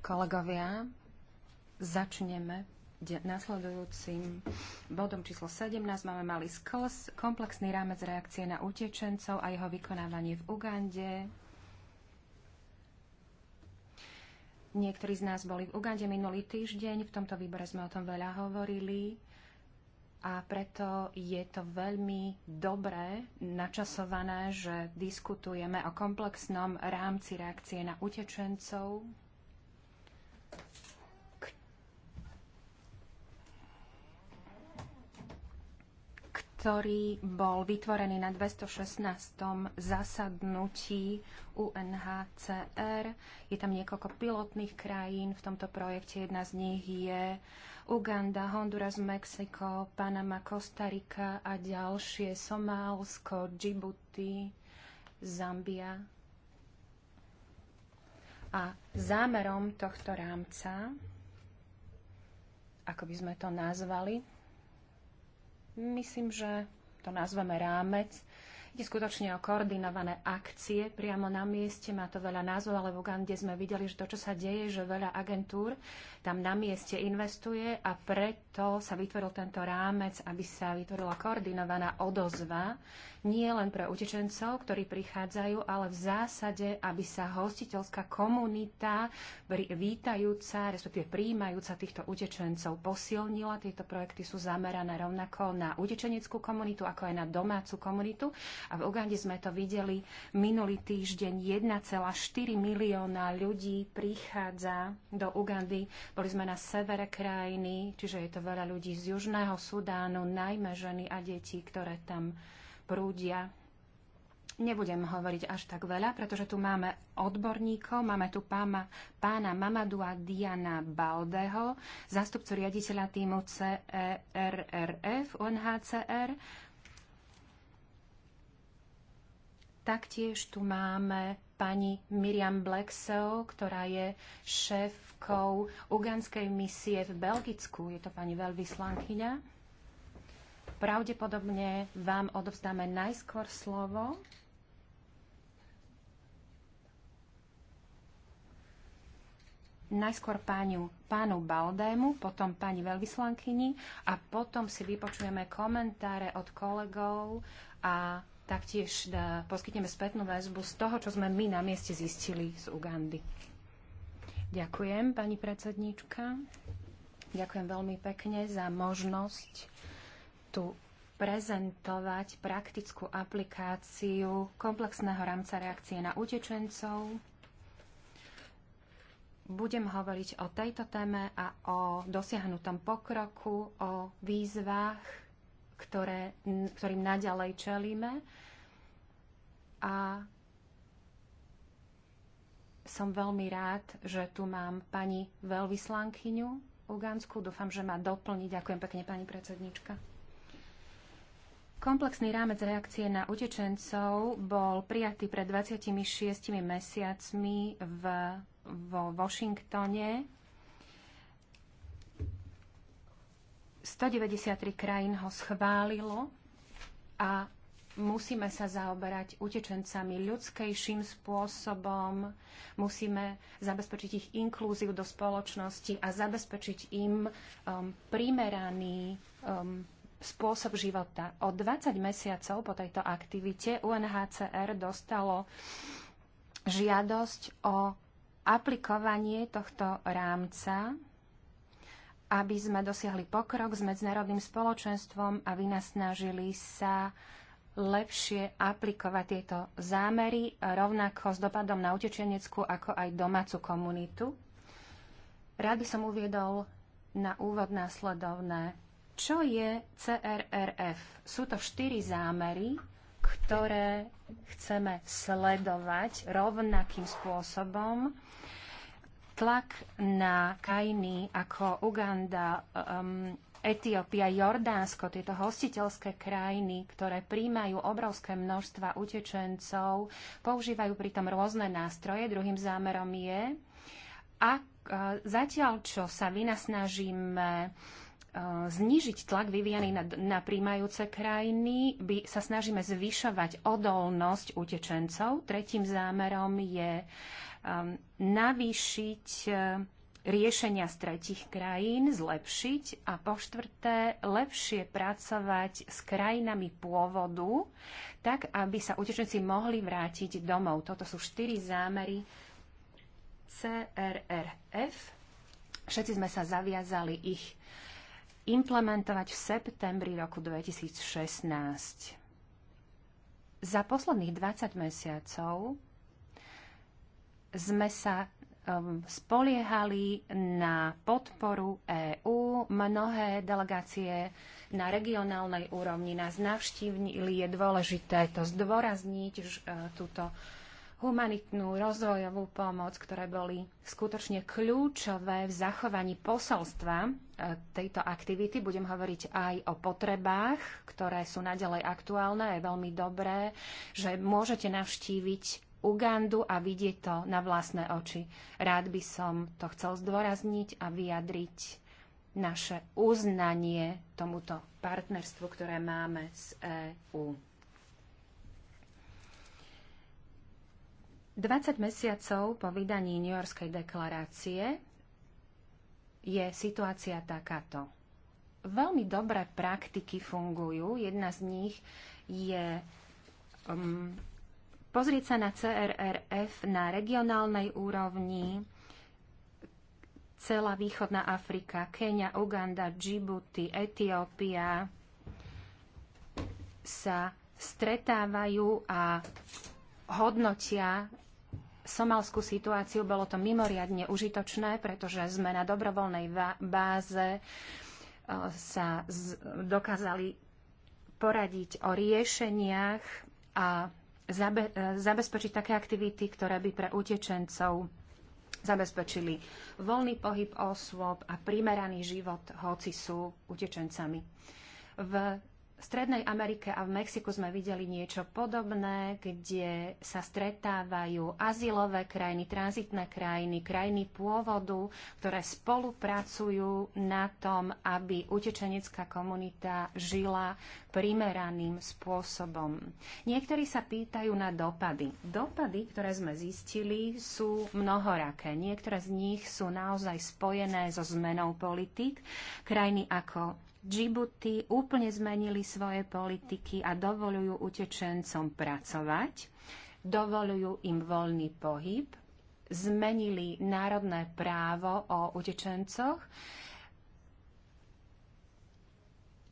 Kolegovia, začneme nasledujúcim bodom číslo 17. Máme malý skls, komplexný rámec reakcie na utečencov a jeho vykonávanie v Ugande. Niektorí z nás boli v Ugande minulý týždeň, v tomto výbore sme o tom veľa hovorili a preto je to veľmi dobré načasované, že diskutujeme o komplexnom rámci reakcie na utečencov, ktorý bol vytvorený na 216. zasadnutí UNHCR. Je tam niekoľko pilotných krajín v tomto projekte. Jedna z nich je Uganda, Honduras, Mexiko, Panama, Kostarika a ďalšie, Somálsko, Djibouti, Zambia. A zámerom tohto rámca, ako by sme to nazvali, myslím, že to nazveme rámec, Ide skutočne o koordinované akcie priamo na mieste. Má to veľa názov, ale v Ugande sme videli, že to, čo sa deje, že veľa agentúr tam na mieste investuje a preto sa vytvoril tento rámec, aby sa vytvorila koordinovaná odozva nie len pre utečencov, ktorí prichádzajú, ale v zásade, aby sa hostiteľská komunita vítajúca, respektíve príjmajúca týchto utečencov posilnila. Tieto projekty sú zamerané rovnako na utečeneckú komunitu, ako aj na domácu komunitu. A v Ugande sme to videli minulý týždeň 1,4 milióna ľudí prichádza do Ugandy. Boli sme na severe krajiny, čiže je to veľa ľudí z Južného Sudánu, najmä ženy a deti, ktoré tam prúdia. Nebudem hovoriť až tak veľa, pretože tu máme odborníkov, máme tu páma, pána Mamadua Diana Baldeho, zástupcu riaditeľa týmu CERRF UNHCR. Taktiež tu máme pani Miriam Blacksell, ktorá je šéfkou uganskej misie v Belgicku. Je to pani veľvyslankyňa. Pravdepodobne vám odovzdáme najskôr slovo. Najskôr pánu, pánu Baldému, potom pani veľvyslankyni a potom si vypočujeme komentáre od kolegov a taktiež da, e, poskytneme spätnú väzbu z toho, čo sme my na mieste zistili z Ugandy. Ďakujem, pani predsedníčka. Ďakujem veľmi pekne za možnosť tu prezentovať praktickú aplikáciu komplexného rámca reakcie na utečencov. Budem hovoriť o tejto téme a o dosiahnutom pokroku, o výzvach, ktoré, ktorým naďalej čelíme. A som veľmi rád, že tu mám pani veľvyslankyňu Ugánsku. Dúfam, že ma doplní. Ďakujem pekne, pani predsednička. Komplexný rámec reakcie na utečencov bol prijatý pred 26 mesiacmi v, vo Washingtone. 193 krajín ho schválilo a musíme sa zaoberať utečencami ľudskejším spôsobom, musíme zabezpečiť ich inklúziu do spoločnosti a zabezpečiť im um, primeraný um, spôsob života. O 20 mesiacov po tejto aktivite UNHCR dostalo žiadosť o aplikovanie tohto rámca, aby sme dosiahli pokrok s medzinárodným spoločenstvom a vynasnažili sa lepšie aplikovať tieto zámery rovnako s dopadom na utečeneckú ako aj domácu komunitu. Rád by som uviedol na úvod následovné. Čo je CRRF? Sú to štyri zámery, ktoré chceme sledovať rovnakým spôsobom. Tlak na krajiny ako Uganda, um, Etiópia, Jordánsko, tieto hostiteľské krajiny, ktoré príjmajú obrovské množstva utečencov, používajú pritom rôzne nástroje. Druhým zámerom je, a e, zatiaľ čo sa vynasnažíme znížiť tlak vyvíjaný na, na príjmajúce krajiny, by sa snažíme zvyšovať odolnosť utečencov. Tretím zámerom je um, navýšiť e, riešenia z tretich krajín, zlepšiť a po štvrté lepšie pracovať s krajinami pôvodu, tak aby sa utečenci mohli vrátiť domov. Toto sú štyri zámery CRRF. Všetci sme sa zaviazali ich implementovať v septembri roku 2016. Za posledných 20 mesiacov sme sa um, spoliehali na podporu EÚ. Mnohé delegácie na regionálnej úrovni nás navštívili. Je dôležité to zdôrazniť, že, uh, túto humanitnú rozvojovú pomoc, ktoré boli skutočne kľúčové v zachovaní posolstva e, tejto aktivity. Budem hovoriť aj o potrebách, ktoré sú naďalej aktuálne. Je veľmi dobré, že môžete navštíviť Ugandu a vidieť to na vlastné oči. Rád by som to chcel zdôrazniť a vyjadriť naše uznanie tomuto partnerstvu, ktoré máme s EÚ. 20 mesiacov po vydaní New Yorkskej deklarácie je situácia takáto. Veľmi dobré praktiky fungujú. Jedna z nich je um, pozrieť sa na CRRF na regionálnej úrovni, celá východná Afrika, Kenia, Uganda, Djibouti, Etiópia sa stretávajú a hodnotia somalskú situáciu. Bolo to mimoriadne užitočné, pretože sme na dobrovoľnej báze e, sa dokázali poradiť o riešeniach a e, zabezpečiť také aktivity, ktoré by pre utečencov zabezpečili voľný pohyb osôb a primeraný život, hoci sú utečencami. V v Strednej Amerike a v Mexiku sme videli niečo podobné, kde sa stretávajú azylové krajiny, tranzitné krajiny, krajiny pôvodu, ktoré spolupracujú na tom, aby utečenecká komunita žila primeraným spôsobom. Niektorí sa pýtajú na dopady. Dopady, ktoré sme zistili, sú mnohoraké. Niektoré z nich sú naozaj spojené so zmenou politik. Krajiny ako Džibuty úplne zmenili svoje politiky a dovolujú utečencom pracovať, dovolujú im voľný pohyb, zmenili národné právo o utečencoch.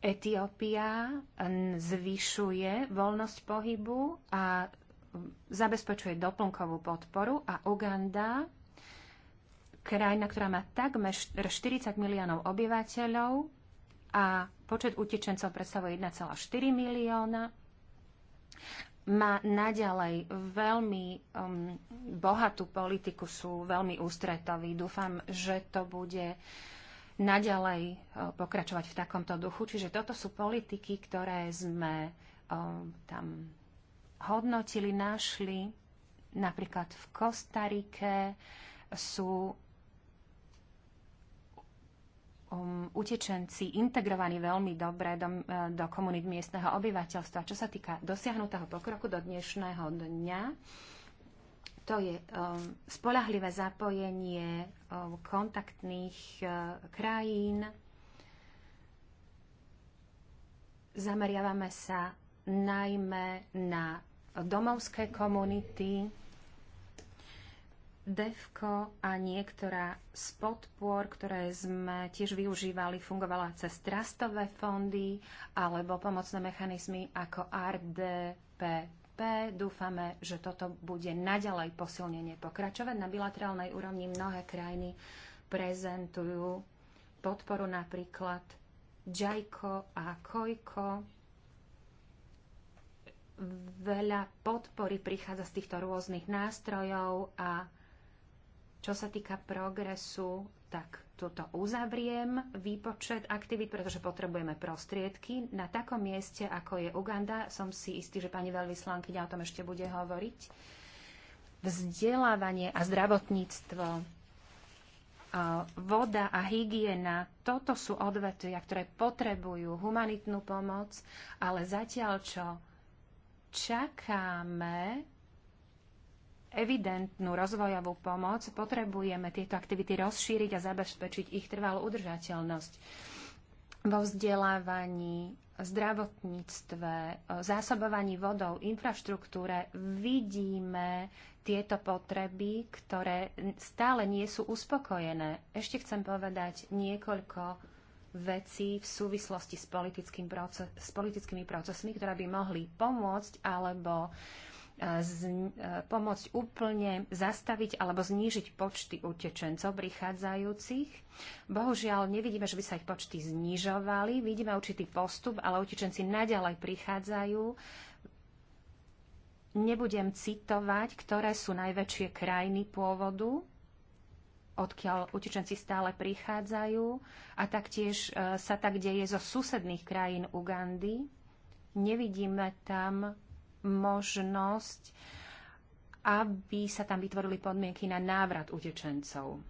Etiópia mm, zvyšuje voľnosť pohybu a zabezpečuje doplnkovú podporu a Uganda krajina, ktorá má takmer 40 miliónov obyvateľov, a počet utečencov predstavuje 1,4 milióna. Má naďalej veľmi um, bohatú politiku, sú veľmi ústretoví. Dúfam, že to bude naďalej uh, pokračovať v takomto duchu. Čiže toto sú politiky, ktoré sme um, tam hodnotili, našli. Napríklad v Kostarike sú um, utečenci integrovaní veľmi dobre do, e, do komunít miestneho obyvateľstva. Čo sa týka dosiahnutého pokroku do dnešného dňa, to je um, spolahlivé zapojenie um, kontaktných uh, krajín. Zameriavame sa najmä na domovské komunity, DEFCO a niektorá z podpor, ktoré sme tiež využívali, fungovala cez trastové fondy alebo pomocné mechanizmy ako RDPP. Dúfame, že toto bude naďalej posilnenie pokračovať. Na bilaterálnej úrovni mnohé krajiny prezentujú podporu napríklad JAICO a kojko. veľa podpory prichádza z týchto rôznych nástrojov a čo sa týka progresu, tak toto uzavriem výpočet aktivít, pretože potrebujeme prostriedky. Na takom mieste, ako je Uganda, som si istý, že pani veľvyslankyňa o tom ešte bude hovoriť. Vzdelávanie a zdravotníctvo voda a hygiena, toto sú odvetvia, ktoré potrebujú humanitnú pomoc, ale zatiaľ čo čakáme evidentnú rozvojovú pomoc, potrebujeme tieto aktivity rozšíriť a zabezpečiť ich trvalú udržateľnosť vo vzdelávaní, zdravotníctve, zásobovaní vodou, infraštruktúre vidíme tieto potreby, ktoré stále nie sú uspokojené. Ešte chcem povedať niekoľko vecí v súvislosti s, politickým proces, s politickými procesmi, ktoré by mohli pomôcť alebo uh, z, pomôcť úplne zastaviť alebo znížiť počty utečencov prichádzajúcich. Bohužiaľ, nevidíme, že by sa ich počty znižovali. Vidíme určitý postup, ale utečenci naďalej prichádzajú. Nebudem citovať, ktoré sú najväčšie krajiny pôvodu, odkiaľ utečenci stále prichádzajú a taktiež e, sa tak deje zo susedných krajín Ugandy. Nevidíme tam možnosť, aby sa tam vytvorili podmienky na návrat utečencov.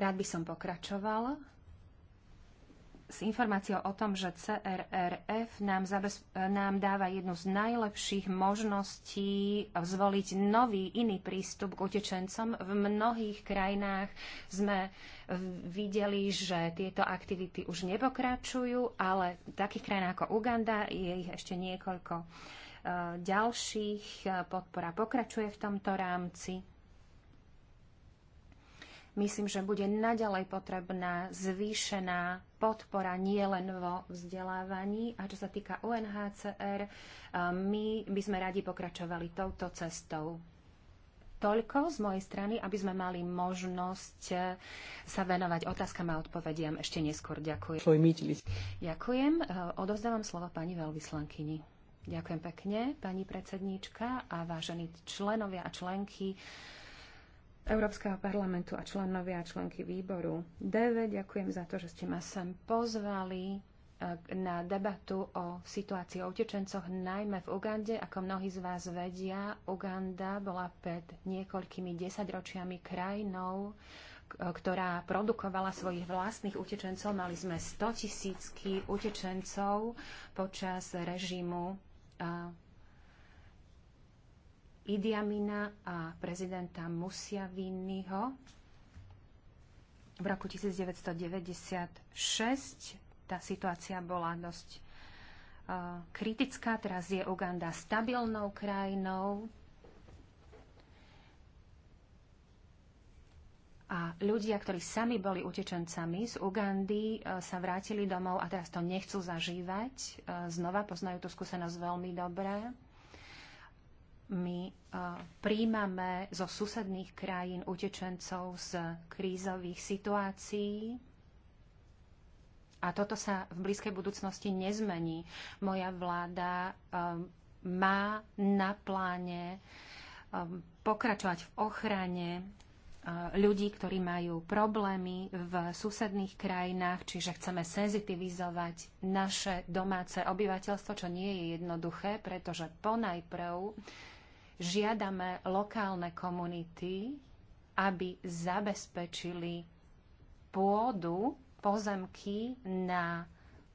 Rád by som pokračovala s informáciou o tom, že CRRF nám, zabez, nám dáva jednu z najlepších možností zvoliť nový, iný prístup k utečencom. V mnohých krajinách sme videli, že tieto aktivity už nepokračujú, ale v takých krajinách ako Uganda je ich ešte niekoľko eh, ďalších. Podpora pokračuje v tomto rámci myslím, že bude naďalej potrebná zvýšená podpora nielen vo vzdelávaní. A čo sa týka UNHCR, eh, my by sme radi pokračovali touto cestou. Toľko z mojej strany, aby sme mali možnosť eh, sa venovať otázkam a odpovediam ešte neskôr. Ďakujem. Ďakujem. Eh, odovzdávam slovo pani veľvyslankyni. Ďakujem pekne, pani predsedníčka a vážení členovia a členky Európskeho parlamentu a členovia a členky výboru DV. Ďakujem za to, že ste ma sem pozvali e, na debatu o situácii o utečencoch, najmä v Ugande. Ako mnohí z vás vedia, Uganda bola pred niekoľkými desaťročiami krajinou, e, ktorá produkovala svojich vlastných utečencov. Mali sme 100 tisícky utečencov počas režimu e, Idiamina a prezidenta Musiaviniho v roku 1996. Tá situácia bola dosť uh, kritická. Teraz je Uganda stabilnou krajinou, A ľudia, ktorí sami boli utečencami z Ugandy, eh, sa vrátili domov a teraz to nechcú zažívať. Eh, znova poznajú tú skúsenosť veľmi dobre my e, príjmame zo susedných krajín utečencov z krízových situácií. A toto sa v blízkej budúcnosti nezmení. Moja vláda e, má na pláne e, pokračovať v ochrane ľudí, ktorí majú problémy v susedných krajinách, čiže chceme senzitivizovať naše domáce obyvateľstvo, čo nie je jednoduché, pretože ponajprv Žiadame lokálne komunity, aby zabezpečili pôdu, pozemky na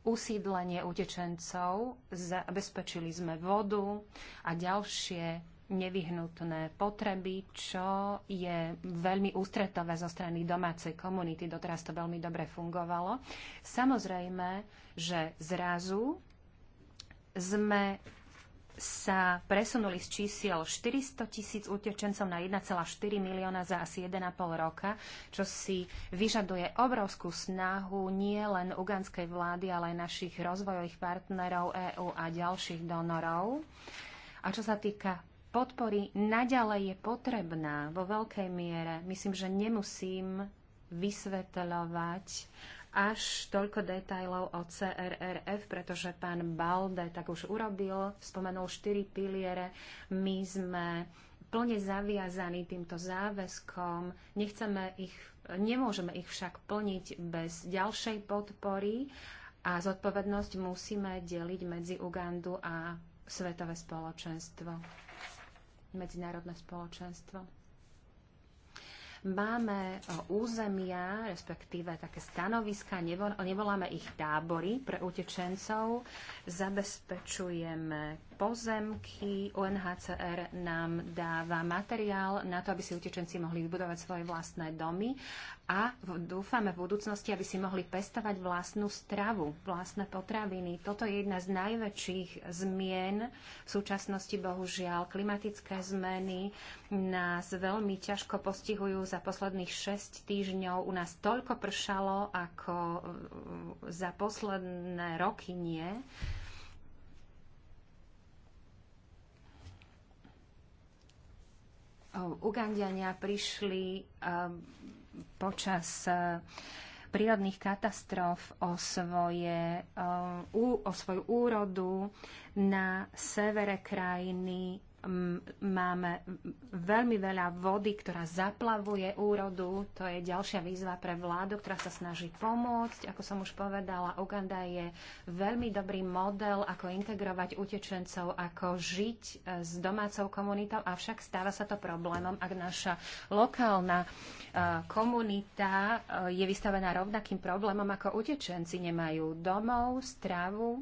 usídlenie utečencov, zabezpečili sme vodu a ďalšie nevyhnutné potreby, čo je veľmi ústretové zo strany domácej komunity. Doteraz to veľmi dobre fungovalo. Samozrejme, že zrazu sme sa presunuli z čísiel 400 tisíc utečencov na 1,4 milióna za asi 1,5 roka, čo si vyžaduje obrovskú snahu nie len uganskej vlády, ale aj našich rozvojových partnerov EÚ a ďalších donorov. A čo sa týka podpory, naďalej je potrebná vo veľkej miere. Myslím, že nemusím vysvetľovať, až toľko detajlov o CRRF, pretože pán Balde tak už urobil, spomenul štyri piliere. My sme plne zaviazaní týmto záväzkom, nechceme ich, nemôžeme ich však plniť bez ďalšej podpory a zodpovednosť musíme deliť medzi Ugandu a svetové spoločenstvo, medzinárodné spoločenstvo. Máme e, územia, respektíve také stanoviska, nevoláme ich tábory pre utečencov, zabezpečujeme pozemky. UNHCR nám dáva materiál na to, aby si utečenci mohli vybudovať svoje vlastné domy a dúfame v budúcnosti, aby si mohli pestovať vlastnú stravu, vlastné potraviny. Toto je jedna z najväčších zmien. V súčasnosti bohužiaľ klimatické zmeny nás veľmi ťažko postihujú. Za posledných 6 týždňov u nás toľko pršalo, ako mm, za posledné roky nie. Ugandiania prišli eh, počas eh, prírodných katastrof o, svoje, eh, o svoju úrodu na severe krajiny máme veľmi veľa vody, ktorá zaplavuje úrodu. To je ďalšia výzva pre vládu, ktorá sa snaží pomôcť. Ako som už povedala, Uganda je veľmi dobrý model, ako integrovať utečencov, ako žiť e, s domácou komunitou, avšak stáva sa to problémom, ak naša lokálna e, komunita e, je vystavená rovnakým problémom ako utečenci. Nemajú domov, stravu,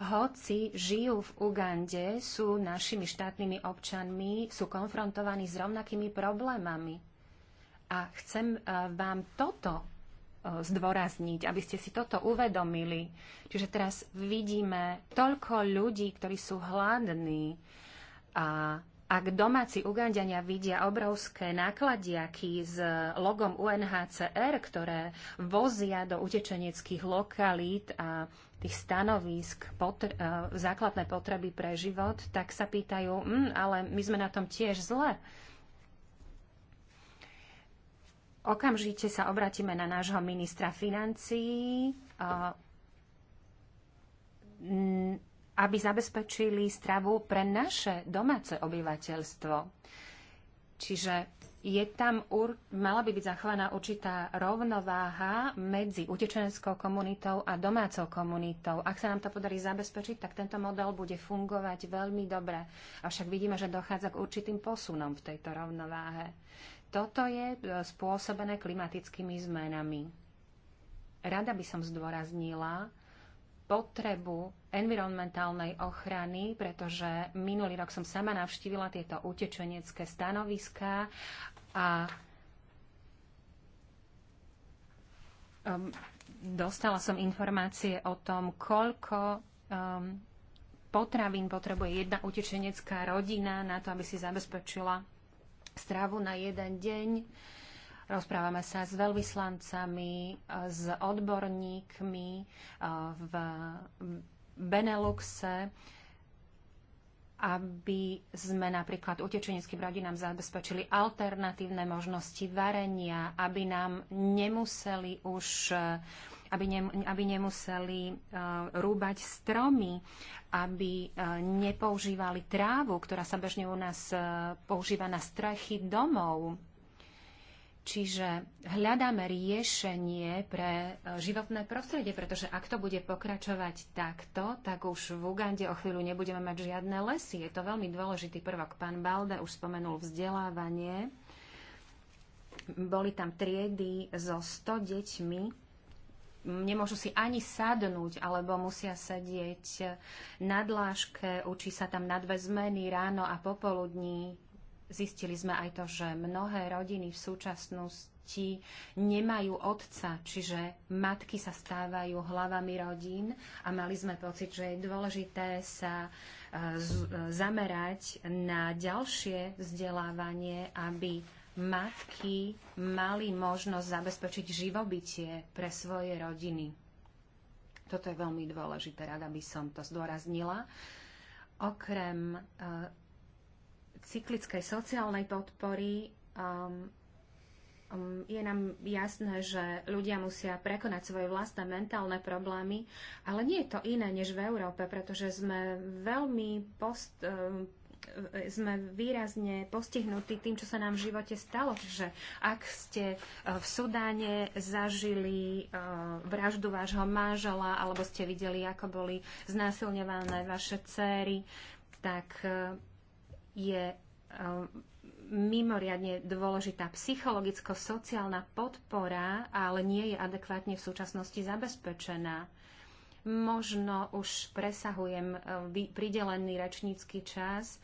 hoci žijú v Ugande, sú našimi štátnymi občanmi, sú konfrontovaní s rovnakými problémami. A chcem e, vám toto e, zdôrazniť, aby ste si toto uvedomili. Čiže teraz vidíme toľko ľudí, ktorí sú hladní a ak domáci Ugandania vidia obrovské nákladiaky s logom UNHCR, ktoré vozia do utečeneckých lokalít a tých stanovisk, potr- e, základné potreby pre život, tak sa pýtajú, mm, ale my sme na tom tiež zle. Okamžite sa obratíme na nášho ministra financií aby zabezpečili stravu pre naše domáce obyvateľstvo. Čiže je tam, mala by byť zachovaná určitá rovnováha medzi utečenskou komunitou a domácou komunitou. Ak sa nám to podarí zabezpečiť, tak tento model bude fungovať veľmi dobre. Avšak vidíme, že dochádza k určitým posunom v tejto rovnováhe. Toto je e, spôsobené klimatickými zmenami. Rada by som zdôraznila potrebu environmentálnej ochrany, pretože minulý rok som sama navštívila tieto utečenecké stanoviská a um, dostala som informácie o tom, koľko um, potravín potrebuje jedna utečenecká rodina na to, aby si zabezpečila stravu na jeden deň. Rozprávame sa s veľvyslancami, s odborníkmi uh, v Beneluxe, aby sme napríklad utečeneckým rodinám zabezpečili alternatívne možnosti varenia, aby nám nemuseli už aby, ne, aby nemuseli uh, rúbať stromy, aby uh, nepoužívali trávu, ktorá sa bežne u nás uh, používa na strechy domov, Čiže hľadáme riešenie pre e, životné prostredie, pretože ak to bude pokračovať takto, tak už v Ugande o chvíľu nebudeme mať žiadne lesy. Je to veľmi dôležitý prvok. Pán Balde už spomenul vzdelávanie. Boli tam triedy so 100 deťmi. Nemôžu si ani sadnúť, alebo musia sedieť na dláške. Učí sa tam na dve zmeny, ráno a popoludní Zistili sme aj to, že mnohé rodiny v súčasnosti nemajú otca, čiže matky sa stávajú hlavami rodín a mali sme pocit, že je dôležité sa e, e, zamerať na ďalšie vzdelávanie, aby matky mali možnosť zabezpečiť živobytie pre svoje rodiny. Toto je veľmi dôležité, rada by som to zdôraznila. Okrem e, cyklickej sociálnej podpory um, um, je nám jasné, že ľudia musia prekonať svoje vlastné mentálne problémy, ale nie je to iné než v Európe, pretože sme veľmi post, um, sme výrazne postihnutí tým, čo sa nám v živote stalo. Čiže ak ste uh, v Sudáne zažili uh, vraždu vášho manžela, alebo ste videli, ako boli znásilňované vaše céry, tak uh, je eh, mimoriadne dôležitá psychologicko-sociálna podpora, ale nie je adekvátne v súčasnosti zabezpečená. Možno už presahujem eh, pridelený rečnícky čas.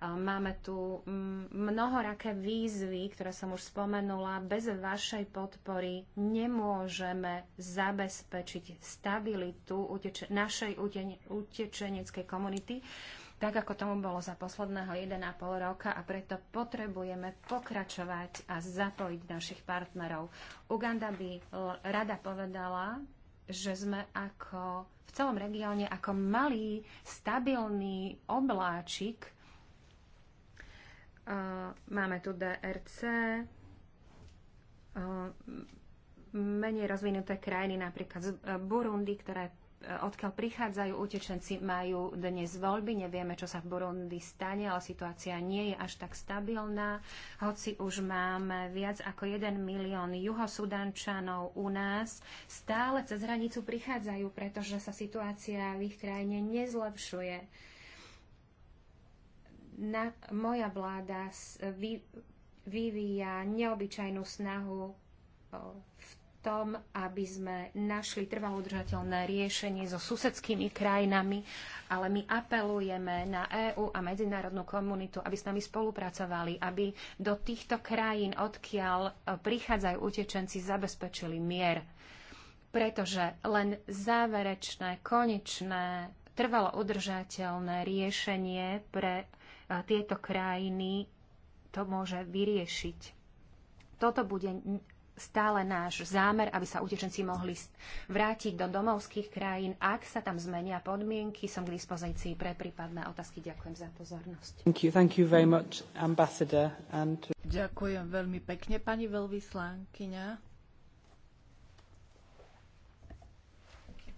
Eh, máme tu mm, mnohoraké výzvy, ktoré som už spomenula. Bez vašej podpory nemôžeme zabezpečiť stabilitu našej utečeneckej komunity tak ako tomu bolo za posledného 1,5 roka a preto potrebujeme pokračovať a zapojiť našich partnerov. Uganda by rada povedala, že sme ako v celom regióne ako malý, stabilný obláčik. Máme tu DRC, menej rozvinuté krajiny, napríklad Burundi, ktoré odkiaľ prichádzajú utečenci, majú dnes voľby. Nevieme, čo sa v Burundi stane, ale situácia nie je až tak stabilná. Hoci už máme viac ako 1 milión juhosudančanov u nás, stále cez hranicu prichádzajú, pretože sa situácia v ich krajine nezlepšuje. Na, moja vláda vy, vyvíja neobyčajnú snahu v tom, aby sme našli trvalo udržateľné riešenie so susedskými krajinami, ale my apelujeme na EÚ a medzinárodnú komunitu, aby s nami spolupracovali, aby do týchto krajín, odkiaľ e, prichádzajú utečenci, zabezpečili mier. Pretože len záverečné, konečné, trvalo udržateľné riešenie pre e, tieto krajiny to môže vyriešiť. Toto bude stále náš zámer, aby sa utečenci mohli vrátiť do domovských krajín. Ak sa tam zmenia podmienky, som k dispozícii pre prípadné otázky. Ďakujem za pozornosť. Thank you, thank you very much, ambassador. And... Ďakujem veľmi pekne, pani veľvyslankyňa.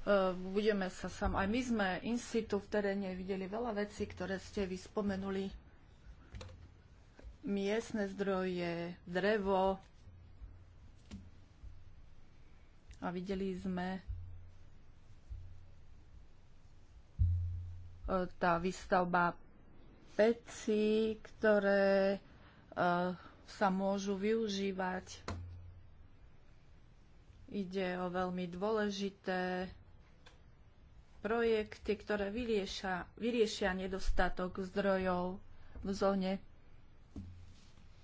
E, budeme sa sam... Aj my sme institú v teréne videli veľa vecí, ktoré ste vyspomenuli. Miestne zdroje, drevo, a videli sme e, tá výstavba peci, ktoré e, sa môžu využívať. Ide o veľmi dôležité projekty, ktoré vyriešia, vyriešia nedostatok zdrojov v zóne.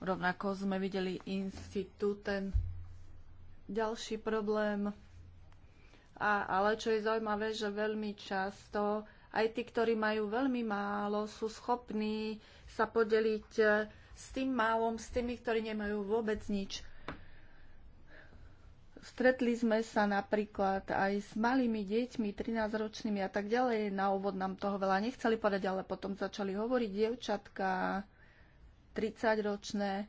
Rovnako sme videli institút, ten ďalší problém, a, ale čo je zaujímavé, že veľmi často aj tí, ktorí majú veľmi málo, sú schopní sa podeliť eh, s tým málom, s tými, ktorí nemajú vôbec nič. Stretli sme sa napríklad aj s malými deťmi, 13-ročnými a tak ďalej. Na úvod nám toho veľa nechceli povedať, ale potom začali hovoriť dievčatka, 30-ročné,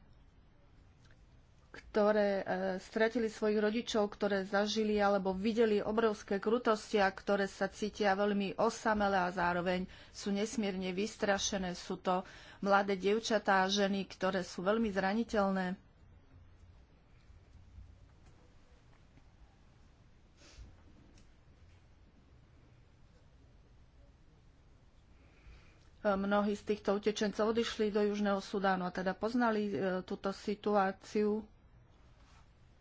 ktoré e, stratili svojich rodičov, ktoré zažili alebo videli obrovské krutosti a ktoré sa cítia veľmi osamelé a zároveň sú nesmierne vystrašené. Sú to mladé dievčatá a ženy, ktoré sú veľmi zraniteľné. E, mnohí z týchto utečencov odišli do Južného Sudánu a teda poznali e, túto situáciu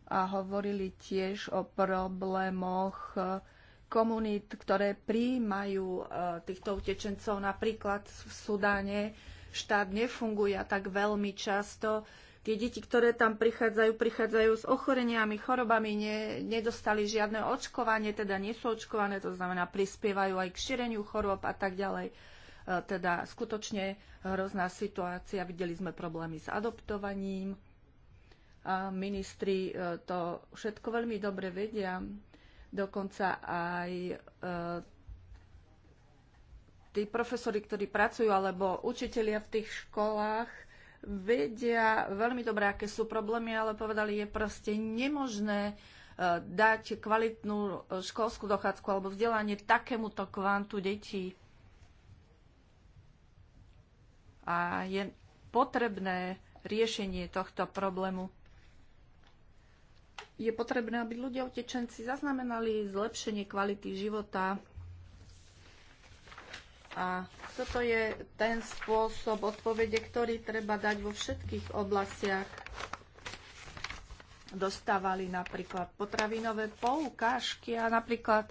a hovorili tiež o problémoch e, komunít, ktoré príjmajú e, týchto utečencov. Napríklad v Sudáne štát nefunguje tak veľmi často. Tie deti, ktoré tam prichádzajú, prichádzajú s ochoreniami, chorobami, ne, nedostali žiadne očkovanie, teda nie sú očkované, to znamená prispievajú aj k šíreniu chorób a tak ďalej. E, teda skutočne hrozná situácia. Videli sme problémy s adoptovaním, a ministri e, to všetko veľmi dobre vedia, dokonca aj e, tí profesori, ktorí pracujú, alebo učitelia v tých školách, vedia veľmi dobre, aké sú problémy, ale povedali, je proste nemožné e, dať kvalitnú školskú dochádzku alebo vzdelanie takémuto kvantu detí. A je potrebné riešenie tohto problému je potrebné, aby ľudia utečenci zaznamenali zlepšenie kvality života. A toto je ten spôsob odpovede, ktorý treba dať vo všetkých oblastiach. Dostávali napríklad potravinové poukážky a napríklad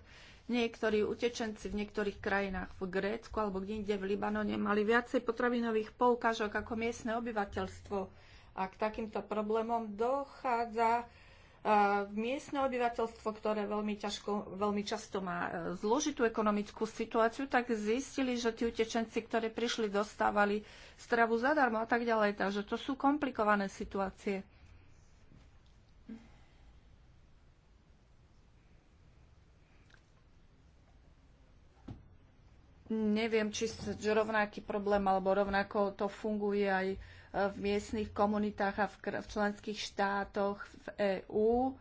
niektorí utečenci v niektorých krajinách v Grécku alebo kde inde v Libanone mali viacej potravinových poukážok ako miestne obyvateľstvo. A k takýmto problémom dochádza E, miestne obyvateľstvo, ktoré veľmi, ťažko, veľmi často má e, zložitú ekonomickú situáciu, tak zistili, že tí utečenci, ktorí prišli, dostávali stravu zadarmo a tak ďalej. Takže to sú komplikované situácie. Neviem, či rovnaký problém alebo rovnako to funguje aj v miestnych komunitách a v, v členských štátoch v EÚ, e,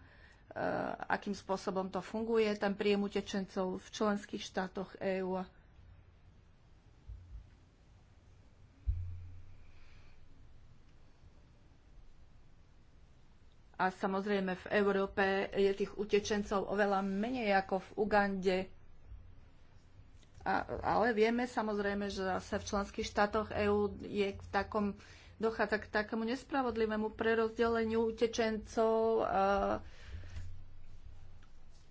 akým spôsobom to funguje, ten príjem utečencov v členských štátoch EÚ. A samozrejme v Európe je tých utečencov oveľa menej ako v Ugande. A, ale vieme samozrejme, že zase v členských štátoch EÚ je v takom dochádza k takému nespravodlivému prerozdeleniu utečencov.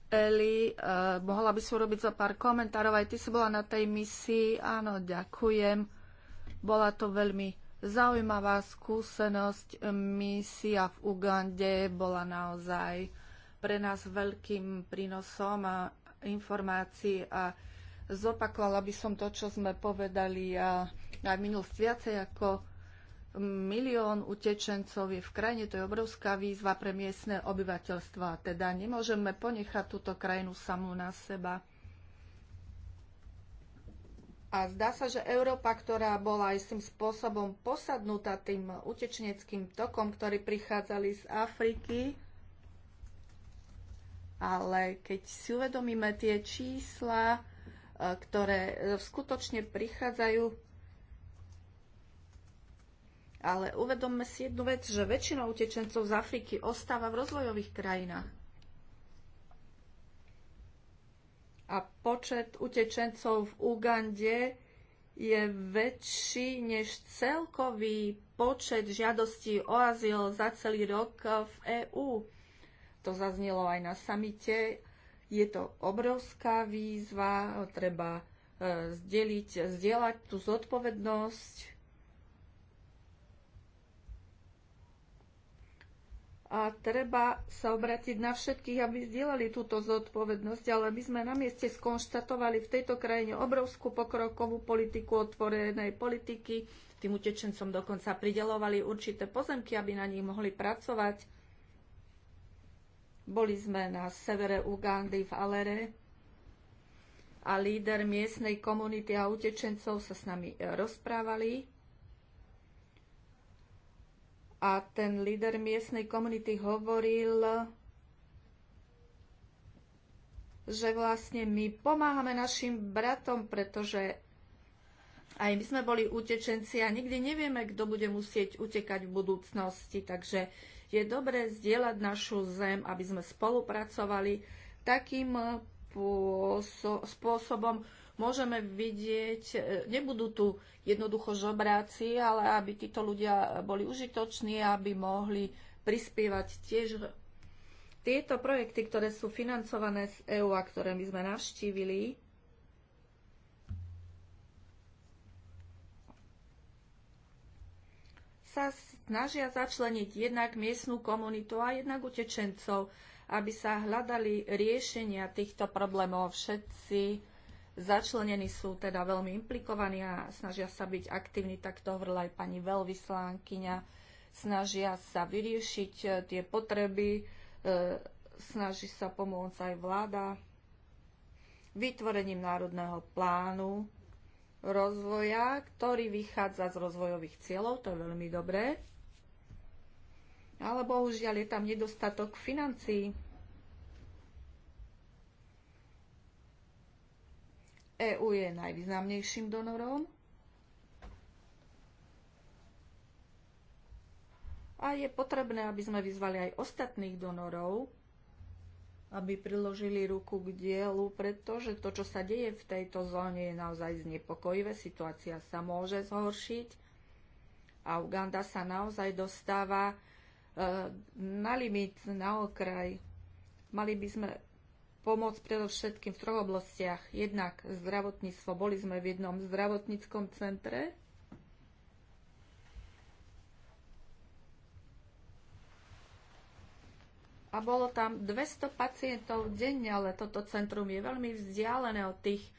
Eli, mohla by si urobiť za pár komentárov. Aj ty si bola na tej misii. Áno, ďakujem. Bola to veľmi zaujímavá skúsenosť. Misia v Ugande bola naozaj pre nás veľkým prínosom a informácií a zopakovala by som to, čo sme povedali aj minulosť minulosti viacej ako milión utečencov je v krajine, to je obrovská výzva pre miestne obyvateľstva, teda nemôžeme ponechať túto krajinu samú na seba. A zdá sa, že Európa, ktorá bola tým spôsobom posadnutá tým utečeneckým tokom, ktorí prichádzali z Afriky, ale keď si uvedomíme tie čísla, e, ktoré e, skutočne prichádzajú, ale uvedomme si jednu vec, že väčšina utečencov z Afriky ostáva v rozvojových krajinách. A počet utečencov v Ugande je väčší než celkový počet žiadostí o azyl za celý rok v EÚ. To zaznelo aj na samite. Je to obrovská výzva, treba e, zdieľať, tú zodpovednosť a treba sa obratiť na všetkých, aby zdieľali túto zodpovednosť, ale my sme na mieste skonštatovali v tejto krajine obrovskú pokrokovú politiku otvorenej politiky. Tým utečencom dokonca pridelovali určité pozemky, aby na nich mohli pracovať. Boli sme na severe Ugandy v Alere a líder miestnej komunity a utečencov sa s nami e, rozprávali a ten líder miestnej komunity hovoril, že vlastne my pomáhame našim bratom, pretože aj my sme boli utečenci a nikdy nevieme, kto bude musieť utekať v budúcnosti. Takže je dobré zdieľať našu zem, aby sme spolupracovali takým spôsobom, môžeme vidieť, e, nebudú tu jednoducho žobráci, ale aby títo ľudia boli užitoční, aby mohli prispievať tiež tieto projekty, ktoré sú financované z EÚ a ktoré my sme navštívili, sa snažia začleniť jednak miestnú komunitu a jednak utečencov, aby sa hľadali riešenia týchto problémov. Všetci začlenení, sú teda veľmi implikovaní a snažia sa byť aktívni, tak to hovorila aj pani veľvyslánkyňa, snažia sa vyriešiť e, tie potreby, e, snaží sa pomôcť aj vláda vytvorením národného plánu rozvoja, ktorý vychádza z rozvojových cieľov, to je veľmi dobré, ale bohužiaľ je tam nedostatok financií EÚ je najvýznamnejším donorom a je potrebné, aby sme vyzvali aj ostatných donorov, aby priložili ruku k dielu, pretože to, čo sa deje v tejto zóne, je naozaj znepokojivé. Situácia sa môže zhoršiť a Uganda sa naozaj dostáva e, na limit, na okraj. Mali by sme pomoc predovšetkým v troch oblastiach. Jednak zdravotníctvo. Boli sme v jednom zdravotníckom centre. A bolo tam 200 pacientov denne, ale toto centrum je veľmi vzdialené od tých e,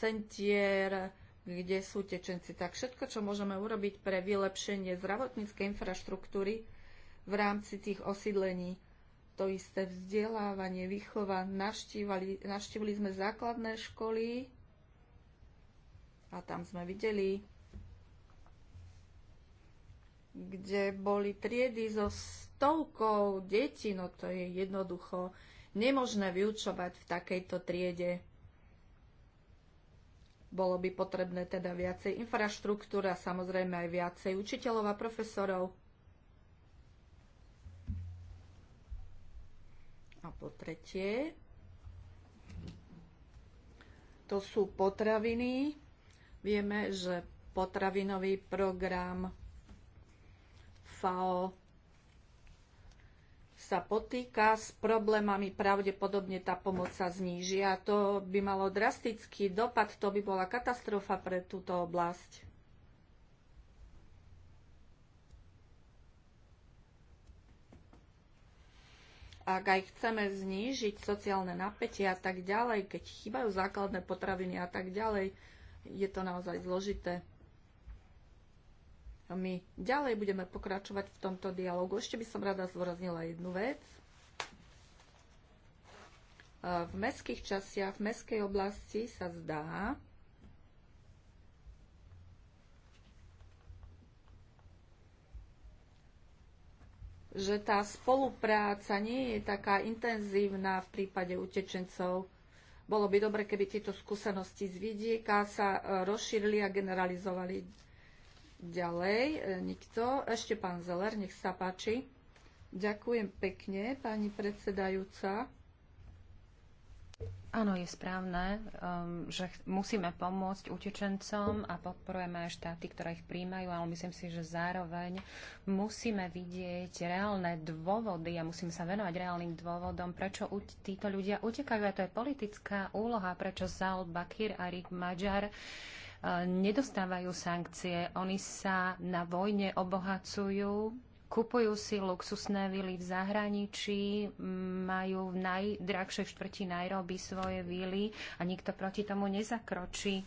centier, kde sú tečenci. Tak všetko, čo môžeme urobiť pre vylepšenie zdravotníckej infraštruktúry v rámci tých osídlení, to isté vzdelávanie, výchova. navštívili sme základné školy a tam sme videli, kde boli triedy so stovkou detí. No to je jednoducho nemožné vyučovať v takejto triede. Bolo by potrebné teda viacej infraštruktúra, samozrejme aj viacej učiteľov a profesorov. A po tretie, to sú potraviny. Vieme, že potravinový program FAO sa potýka s problémami, pravdepodobne tá pomoc sa zníži a to by malo drastický dopad, to by bola katastrofa pre túto oblasť. ak aj chceme znížiť sociálne napätie a tak ďalej, keď chýbajú základné potraviny a tak ďalej, je to naozaj zložité. My ďalej budeme pokračovať v tomto dialogu. Ešte by som rada zvoraznila jednu vec. V mestských častiach, v mestskej oblasti sa zdá, že tá spolupráca nie je taká intenzívna v prípade utečencov. Bolo by dobre, keby tieto skúsenosti z vidieka sa e, rozšírili a generalizovali ďalej. E, nikto. Ešte pán Zeler, nech sa páči. Ďakujem pekne, pani predsedajúca. Áno, je správne, um, že musíme pomôcť utečencom a podporujeme aj štáty, ktoré ich príjmajú, ale myslím si, že zároveň musíme vidieť reálne dôvody a musíme sa venovať reálnym dôvodom, prečo títo ľudia utekajú. A to je politická úloha, prečo Zal Bakir a Rik Maďar uh, nedostávajú sankcie. Oni sa na vojne obohacujú Kupujú si luxusné vily v zahraničí, majú v najdrahšej štvrti Nairobi svoje vily a nikto proti tomu nezakročí.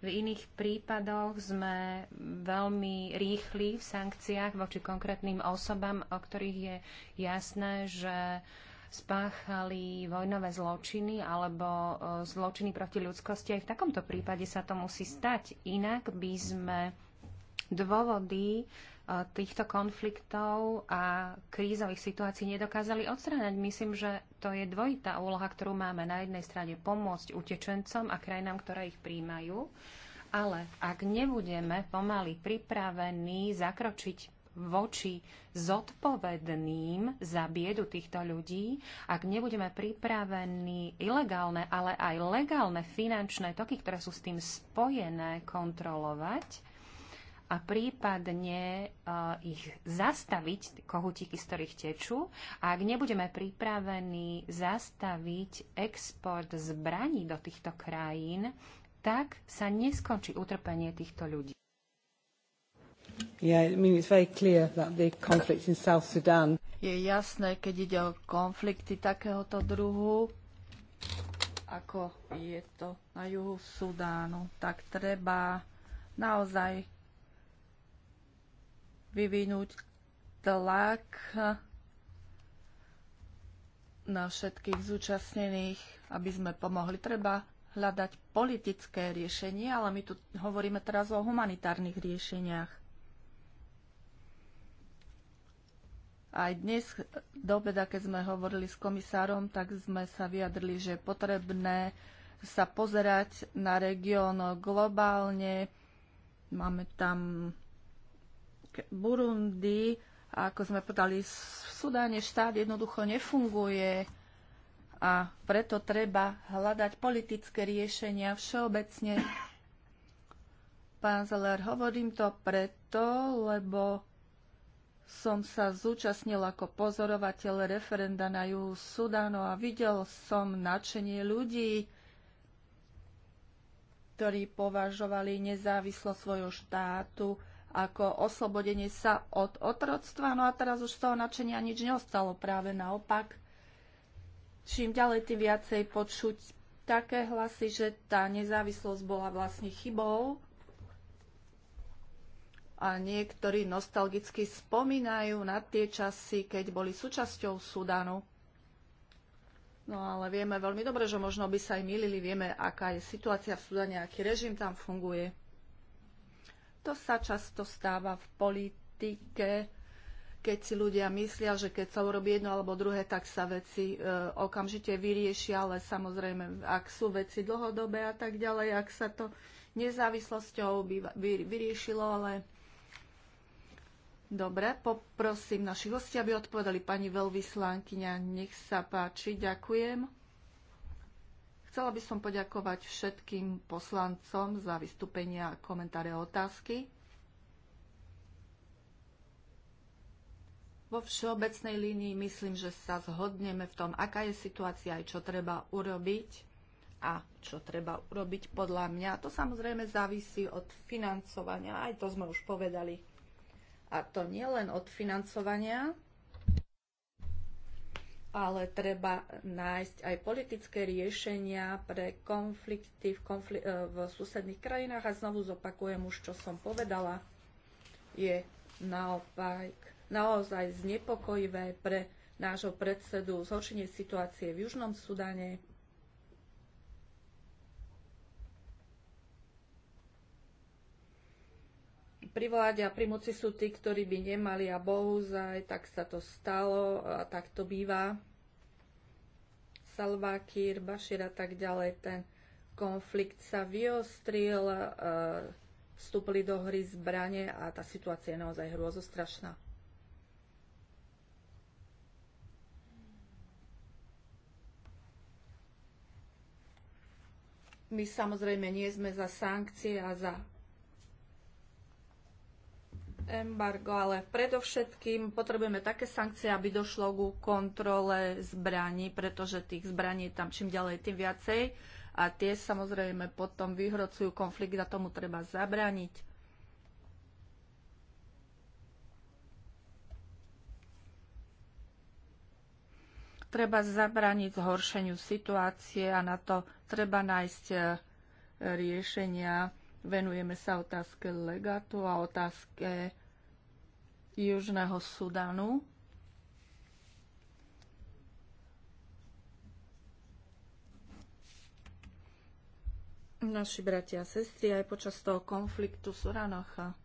V iných prípadoch sme veľmi rýchli v sankciách voči konkrétnym osobám, o ktorých je jasné, že spáchali vojnové zločiny alebo e, zločiny proti ľudskosti. Aj v takomto prípade sa to musí stať. Inak by sme dôvody E, týchto konfliktov a krízových situácií nedokázali odstrániť. Myslím, že to je dvojitá úloha, ktorú máme na jednej strane pomôcť utečencom a krajinám, ktoré ich príjmajú, ale ak nebudeme pomaly pripravení zakročiť voči zodpovedným za biedu týchto ľudí, ak nebudeme pripravení ilegálne, ale aj legálne finančné toky, ktoré sú s tým spojené, kontrolovať, a prípadne uh, ich zastaviť, kohutíky, z ktorých tečú. A ak nebudeme pripravení zastaviť export zbraní do týchto krajín, tak sa neskončí utrpenie týchto ľudí. Yeah, I mean, Je jasné, keď ide o konflikty takéhoto druhu, ako je to na juhu Sudánu, tak treba naozaj vyvinúť tlak na všetkých zúčastnených, aby sme pomohli. Treba hľadať politické riešenie, ale my tu hovoríme teraz o humanitárnych riešeniach. Aj dnes do obeda, keď sme hovorili s komisárom, tak sme sa vyjadrili, že je potrebné sa pozerať na región globálne. Máme tam Burundi, ako sme povedali, v Sudáne štát jednoducho nefunguje a preto treba hľadať politické riešenia všeobecne. Pán Zeller, hovorím to preto, lebo som sa zúčastnil ako pozorovateľ referenda na juhu Sudánu a videl som nadšenie ľudí, ktorí považovali nezávislo svojho štátu ako oslobodenie sa od otroctva. No a teraz už z toho nadšenia nič neostalo, práve naopak. Čím ďalej, tým viacej počuť také hlasy, že tá nezávislosť bola vlastne chybou. A niektorí nostalgicky spomínajú na tie časy, keď boli súčasťou Sudanu. No ale vieme veľmi dobre, že možno by sa aj milili, vieme, aká je situácia v Sudane, aký režim tam funguje. To sa často stáva v politike, keď si ľudia myslia, že keď sa urobí jedno alebo druhé, tak sa veci e, okamžite vyriešia, ale samozrejme, ak sú veci dlhodobé a tak ďalej, ak sa to nezávislosťou by, by, vyriešilo, ale dobre, poprosím našich hostia, aby odpovedali pani veľvyslankyňa, nech sa páči, ďakujem. Chcela by som poďakovať všetkým poslancom za vystúpenia, komentáre a otázky. Vo všeobecnej línii myslím, že sa zhodneme v tom, aká je situácia aj čo treba urobiť a čo treba urobiť podľa mňa. To samozrejme závisí od financovania, aj to sme už povedali. A to nie len od financovania, ale treba nájsť aj politické riešenia pre konflikty v, konflik- e, v susedných krajinách. A znovu zopakujem už, čo som povedala. Je naopak, naozaj znepokojivé pre nášho predsedu zhoršenie situácie v Južnom Sudane. Pri vláde a pri moci sú tí, ktorí by nemali a bohuzaj, tak sa to stalo a tak to býva. Salva Kiir, Bashir a tak ďalej. Ten konflikt sa vyostril, e, vstúpili do hry zbranie a tá situácia je naozaj hrôzostrašná. My samozrejme nie sme za sankcie a za embargo, ale predovšetkým potrebujeme také sankcie, aby došlo ku kontrole zbraní, pretože tých zbraní je tam čím ďalej, tým viacej a tie samozrejme potom vyhrocujú konflikt a tomu treba zabrániť. Treba zabrániť zhoršeniu situácie a na to treba nájsť eh, riešenia Venujeme sa otázke legátu a otázke Južného Sudanu. Naši bratia a sestry aj počas toho konfliktu Suranocha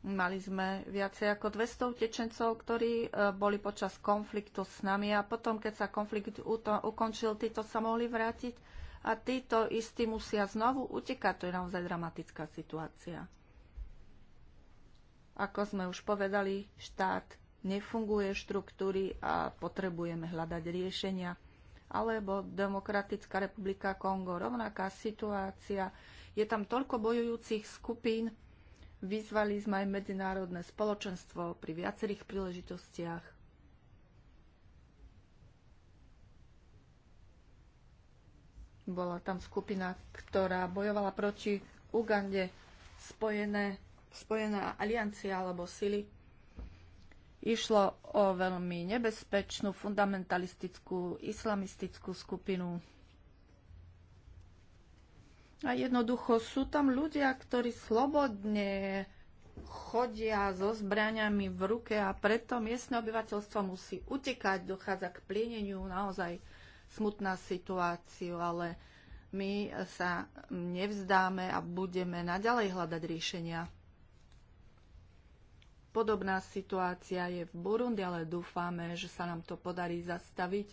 Mali sme viacej ako 200 utečencov, ktorí e, boli počas konfliktu s nami a potom, keď sa konflikt ukončil, títo sa mohli vrátiť a títo istí musia znovu utekať. To je naozaj dramatická situácia. Ako sme už povedali, štát nefunguje štruktúry a potrebujeme hľadať riešenia. Alebo Demokratická republika Kongo, rovnaká situácia. Je tam toľko bojujúcich skupín. Vyzvali sme aj medzinárodné spoločenstvo pri viacerých príležitostiach. Bola tam skupina, ktorá bojovala proti Ugande, spojené, spojená aliancia alebo sily. Išlo o veľmi nebezpečnú, fundamentalistickú, islamistickú skupinu. A jednoducho sú tam ľudia, ktorí slobodne chodia so zbraniami v ruke a preto miestne obyvateľstvo musí utekať, dochádza k plieneniu naozaj smutná situáciu, ale my sa nevzdáme a budeme naďalej hľadať riešenia. Podobná situácia je v Burundi, ale dúfame, že sa nám to podarí zastaviť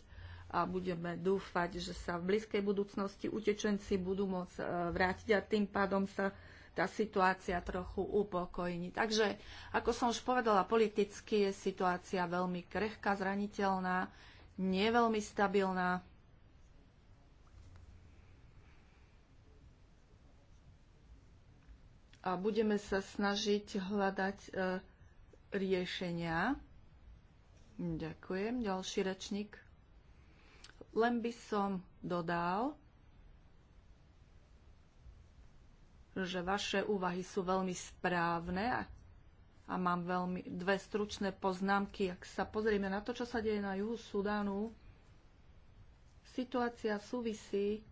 a budeme dúfať, že sa v blízkej budúcnosti utečenci budú môcť e, vrátiť a tým pádom sa tá situácia trochu upokojní. Takže, ako som už povedala, politicky je situácia veľmi krehká, zraniteľná nie veľmi stabilná. A budeme sa snažiť hľadať e, riešenia. Ďakujem. Ďalší rečník. Len by som dodal, že vaše úvahy sú veľmi správne a a mám veľmi dve stručné poznámky. Ak sa pozrieme na to, čo sa deje na juhu Sudánu, situácia súvisí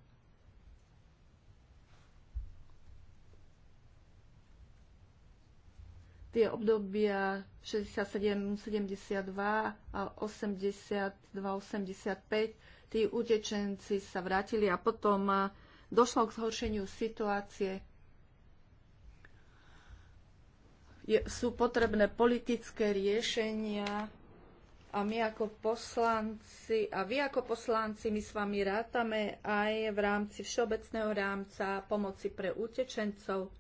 tie obdobia 67, 72 a 82, 85, tí utečenci sa vrátili a potom došlo k zhoršeniu situácie je, sú potrebné politické riešenia a my ako poslanci a vy ako poslanci my s vami rátame aj v rámci všeobecného rámca pomoci pre utečencov.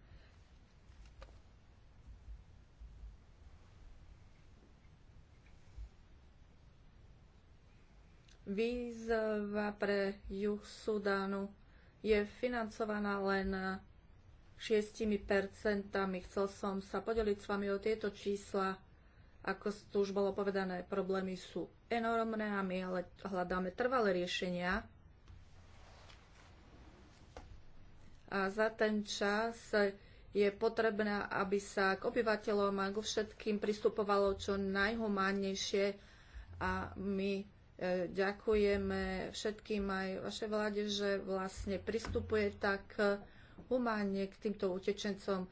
Výzva pre juh Sudánu je financovaná len 6%. Chcel som sa podeliť s vami o tieto čísla. Ako tu už bolo povedané, problémy sú enormné a my ale hľadáme trvalé riešenia. A za ten čas je potrebné, aby sa k obyvateľom a k všetkým pristupovalo čo najhumánnejšie a my e, ďakujeme všetkým aj vašej vláde, že vlastne pristupuje tak humánne k týmto utečencom. E,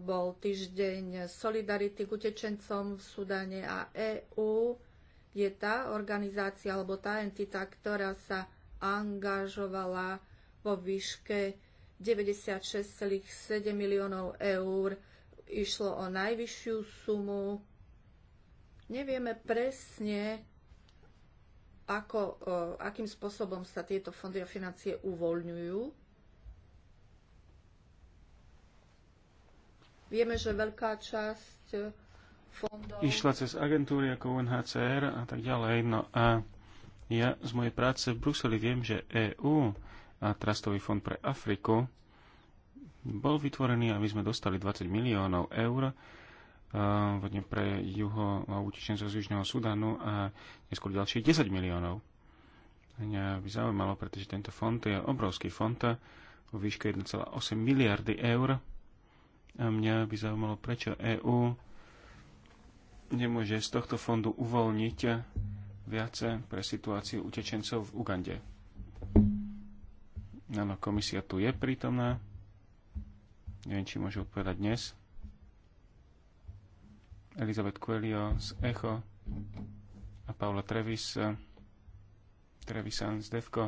bol týždeň solidarity k utečencom v Sudane a EÚ je tá organizácia alebo tá entita, ktorá sa angažovala vo výške 96,7 miliónov eur. Išlo o najvyššiu sumu. Nevieme presne, ako, akým spôsobom sa tieto fondy a financie uvoľňujú. Vieme, že veľká časť eh, fondov... Išla cez agentúry ako UNHCR a tak ďalej. No a ja z mojej práce v Bruseli viem, že EU, a Trastový fond pre Afriku bol vytvorený, aby sme dostali 20 miliónov eur eh, vodne pre juho a utečencov z Južného Sudanu a neskôr ďalších 10 miliónov. Mňa by zaujímalo, pretože tento fond je obrovský fond eh, vo výške 1,8 miliardy eur a mňa by zaujímalo, prečo EÚ nemôže z tohto fondu uvoľniť viace pre situáciu utečencov v Ugande. Áno, komisia tu je prítomná. Neviem, či môžu odpovedať dnes. Elizabeth Coelho z ECHO a Paula Trevis, Trevisan z DEVKO.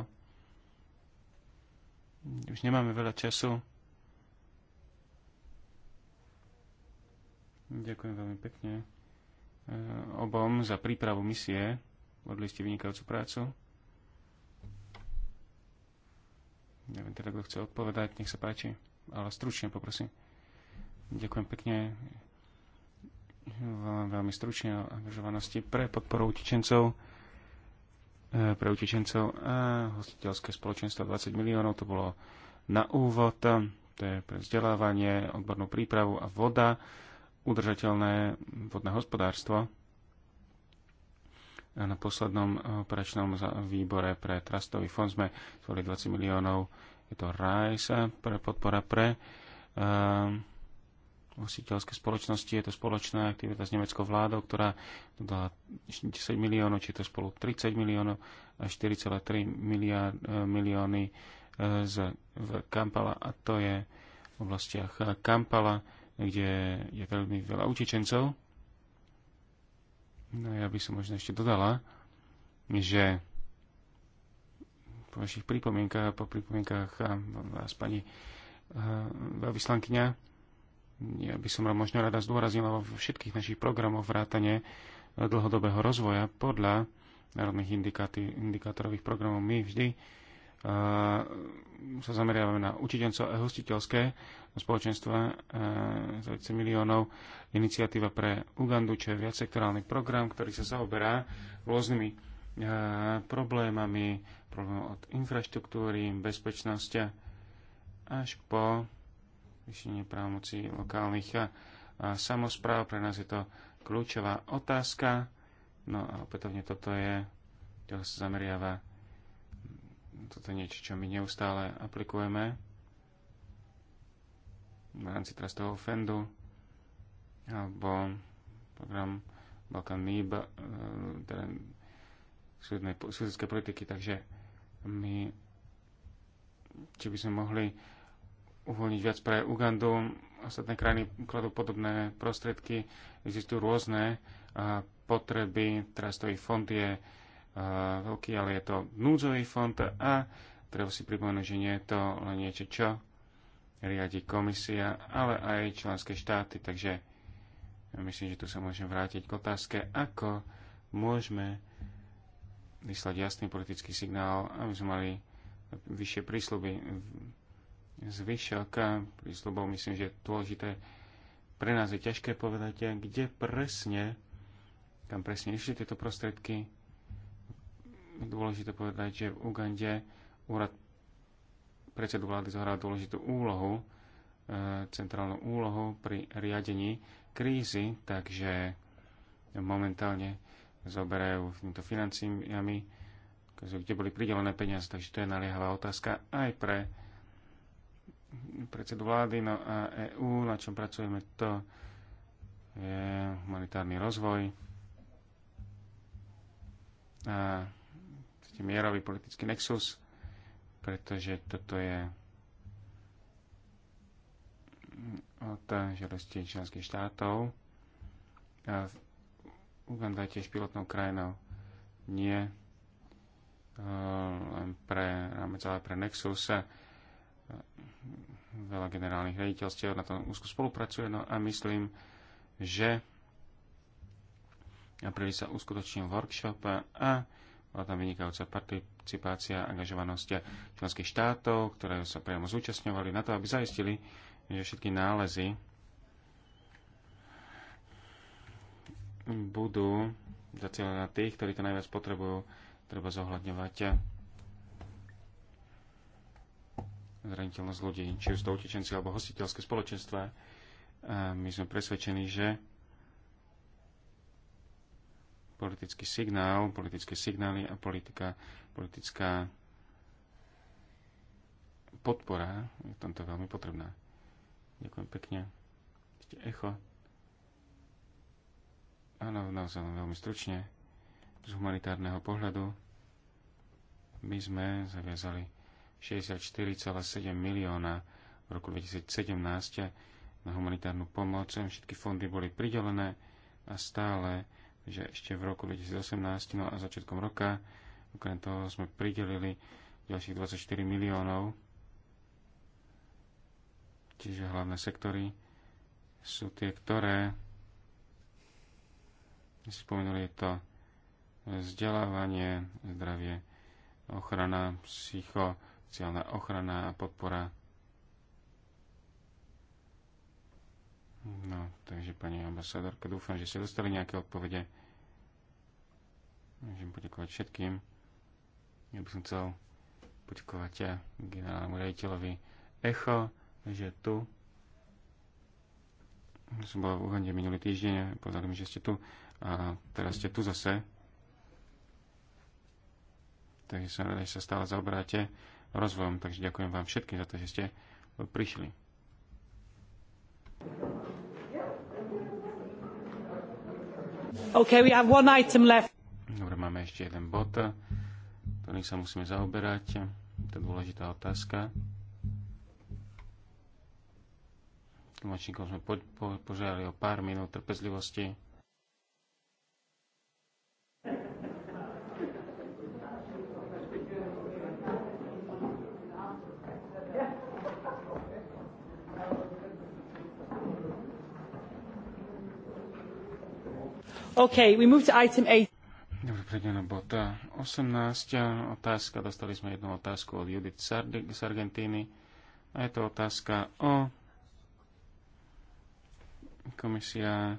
Už nemáme veľa času. Ďakujem veľmi pekne e, obom za prípravu misie. Odli ste vynikajúcu prácu. Neviem teda, kto chce odpovedať, nech sa páči, ale stručne poprosím. Ďakujem pekne veľmi, veľmi stručne o angažovanosti pre podporu utečencov e, pre utečencov a hostiteľské spoločenstvo 20 miliónov, to bolo na úvod, to je pre vzdelávanie, odbornú prípravu a voda udržateľné vodné hospodárstvo. A na poslednom operačnom výbore pre Trastový fond sme zvolili 20 miliónov. Je to RISE pre podpora pre ehm, hostiteľské spoločnosti. Je to spoločná aktivita s nemeckou vládou, ktorá dodala 10 miliónov, či je to spolu 30 miliónov a 4,3 e, milióny e, z, v Kampala a to je v oblastiach e, Kampala kde je veľmi veľa utečencov. No ja by som možno ešte dodala, že po vašich pripomienkach a po pripomienkach vás pani Vyslankyňa, ja by som možno rada zdôraznila vo všetkých našich programoch vrátane dlhodobého rozvoja podľa národných indikátorových programov my vždy Mm, sa zameriavame na učiteľcov a hostiteľské spoločenstva e, za viac miliónov. Iniciatíva pre Ugandu, čo je viacsektorálny program, ktorý sa zaoberá rôznymi e, problémami, problémom od infraštruktúry, bezpečnosti až po vyšenie právomocí lokálnych e, a, a samozpráv. Pre nás je to kľúčová otázka. No a opätovne toto je, čo sa zameriava toto je niečo, čo my neustále aplikujeme v rámci trastového fendu alebo program Balkan NIB, e, teda súdnej, súdnej politiky, takže my či by sme mohli uvoľniť viac pre Ugandu. Ostatné krajiny kladú podobné prostriedky. Existujú rôzne potreby. Trastový fond je veľký, ale je to núdzový fond a treba si pripomenúť, že nie je to len niečo, čo riadi komisia, ale aj členské štáty. Takže myslím, že tu sa môžem vrátiť k otázke, ako môžeme vyslať jasný politický signál, aby sme mali vyššie z Zvyšok prísľubov myslím, že je dôležité. Pre nás je ťažké povedať, kde presne, kam presne išli tieto prostriedky, dôležité povedať, že v Ugande úrad predsedu vlády zohral dôležitú úlohu, e, centrálnu úlohu pri riadení krízy, takže momentálne zoberajú týmto financiami, kde boli pridelené peniaze, takže to je naliehavá otázka aj pre predsedu vlády no a EÚ, na čom pracujeme, to je humanitárny rozvoj. A proste vlastne mierový politický nexus, pretože toto je od žiadosti členských štátov. A Uganda je tiež pilotnou krajinou nie e, len pre rámec, ale pre Nexus veľa generálnych rediteľstiev na tom úzku spolupracuje, no a myslím, že napríklad sa uskutočnil workshop a bola tam vynikajúca participácia, angažovanosť členských štátov, ktoré sa priamo zúčastňovali na to, aby zaistili, že všetky nálezy budú zacielené na tých, ktorí to najviac potrebujú, treba zohľadňovať zraniteľnosť ľudí, či už to utečenci alebo hostiteľské spoločenstva. my sme presvedčení, že politický signál, politické signály a politika, politická podpora je v tomto veľmi potrebná. Ďakujem pekne. Ešte echo. Áno, naozaj veľmi stručne. Z humanitárneho pohľadu my sme zaviazali 64,7 milióna v roku 2017 na humanitárnu pomoc. Všetky fondy boli pridelené a stále že ešte v roku 2018 no a začiatkom roka, okrem toho sme pridelili ďalších 24 miliónov, čiže hlavné sektory sú tie, ktoré si spomenuli, je to vzdelávanie, zdravie, ochrana, psycho,ciálna ochrana a podpora No, takže pani ambasádorka, dúfam, že ste dostali nejaké odpovede. Môžem poďakovať všetkým. Ja by som chcel poďakovať generálnemu rejiteľovi Echo, že tu. Ja som bol v Uhande minulý týždeň, povedali mi, že ste tu a teraz ste tu zase. Takže som rád, že sa stále zaoberáte rozvojom, takže ďakujem vám všetkým za to, že ste prišli. Okay, we have one item left. Dobre, máme ešte jeden bod, ktorým sa musíme zaoberať. To je dôležitá otázka. Tlmočníkov sme po, po, požiadali o pár minút trpezlivosti. Okay, we move to item 8. Dobre, prejdeme na bod 18. Eh, eh, otázka, dostali sme jednu otázku od Judith z Argentíny. A je to otázka o komisia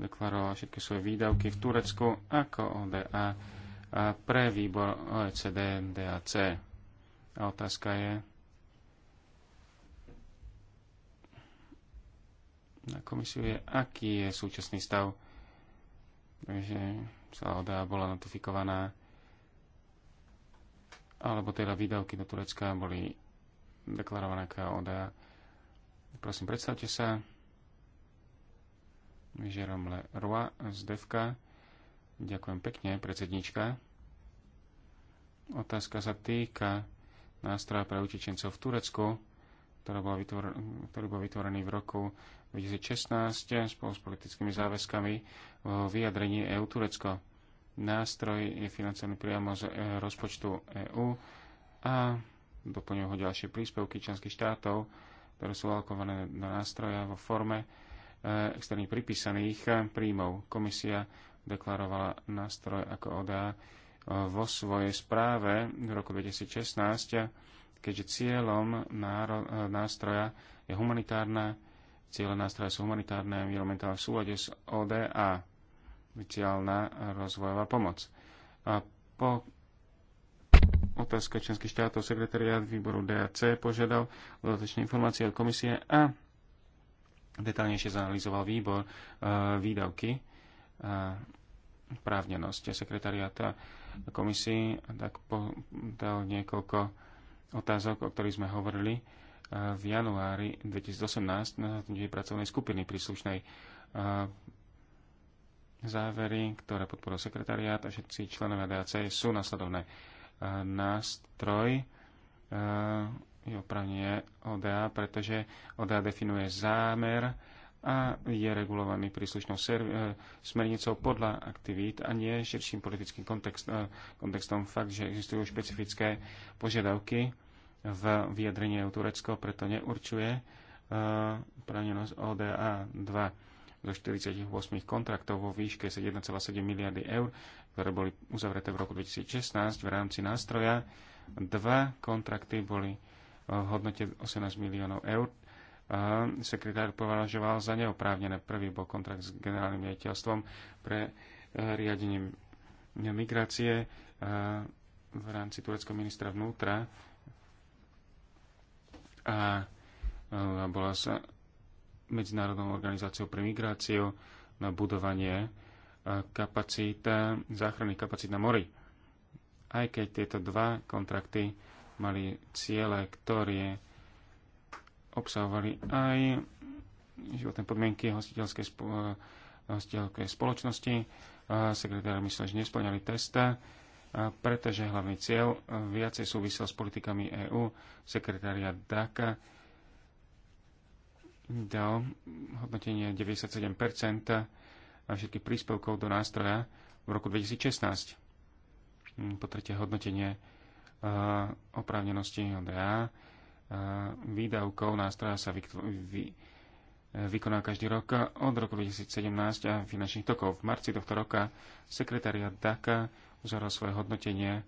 deklarovala všetky svoje výdavky v Turecku ako ODA eh, pre výbor OECD DAC. A otázka je, na komisiu je, aký je súčasný stav že celá ODA bola notifikovaná, alebo teda výdavky do Turecka boli deklarované ako ODA. Prosím, predstavte sa, Žerom Le Roa z Devka. Ďakujem pekne, predsednička. Otázka sa týka nástroja pre utečencov v Turecku, ktorý bol, vytvor- ktorý bol vytvorený v roku 2016 spolu s politickými záväzkami o vyjadrení EU Turecko. Nástroj je financovaný priamo z e, rozpočtu EÚ a doplňujú ho ďalšie príspevky členských štátov, ktoré sú alokované do nástroja vo forme e, externe pripísaných e, príjmov. Komisia deklarovala nástroj ako ODA vo svojej správe v roku 2016, keďže cieľom nástroja je humanitárna Ciele nástroje sú humanitárne, environmentálne v súlade s ODA, vyciálna rozvojová pomoc. A po otázka členských štátov sekretariát výboru DAC požiadal dodatočné informácie od komisie a detálnejšie zanalizoval výbor uh, výdavky e, a právnenosť sekretariáta komisii, tak po, dal niekoľko otázok, o ktorých sme hovorili v januári 2018 na zasadnutí pracovnej skupiny príslušnej závery, ktoré podporil sekretariát a všetci členovia DAC sú nasledovné. Nástroj je opravne ODA, pretože ODA definuje zámer a je regulovaný príslušnou e, smernicou podľa aktivít a nie širším politickým kontext, e, kontextom. Fakt, že existujú špecifické požiadavky v vyjadrení EU Turecko, preto neurčuje oprávnenosť e, ODA 2 zo 48 kontraktov vo výške 1,7 miliardy eur, ktoré boli uzavreté v roku 2016 v rámci nástroja. Dva kontrakty boli e, v hodnote 18 miliónov eur. E, sekretár považoval za neoprávnené. Prvý bol kontrakt s generálnym riaditeľstvom pre riadením migrácie v rámci tureckého ministra vnútra a bola sa Medzinárodnou organizáciou pre migráciu na budovanie kapacít, záchranných kapacít na mori. Aj keď tieto dva kontrakty mali ciele, ktoré obsahovali aj životné podmienky hostiteľskej, spo, hostiteľskej spoločnosti. Sekretár myslel, že nesplňali testa pretože hlavný cieľ e, viacej súvisel s politikami EÚ. Sekretária DACA dal hodnotenie 97% všetkých príspevkov do nástroja v roku 2016. Mm, po tretie hodnotenie e, oprávnenosti ODA e, výdavkov nástroja sa vy, vy, vykoná každý rok od roku 2017 a finančných tokov. V marci tohto roka sekretária DACA uzavrel svoje hodnotenie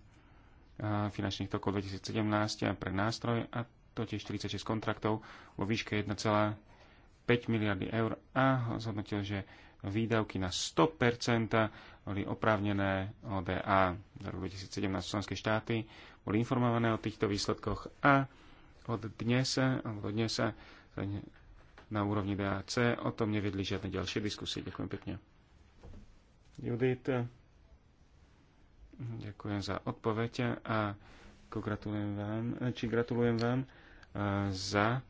finančných tokov 2017 pre nástroj a totiž 46 kontraktov vo výške 1,5 miliardy eur a zhodnotil, že výdavky na 100% boli oprávnené ODA. V roku 2017 členské štáty boli informované o týchto výsledkoch a od dnes, alebo dnes sa na úrovni DAC o tom nevedli žiadne ďalšie diskusie. Ďakujem pekne. Judith. Ďakujem za odpoveď a gratulujem vám, či gratulujem vám e, za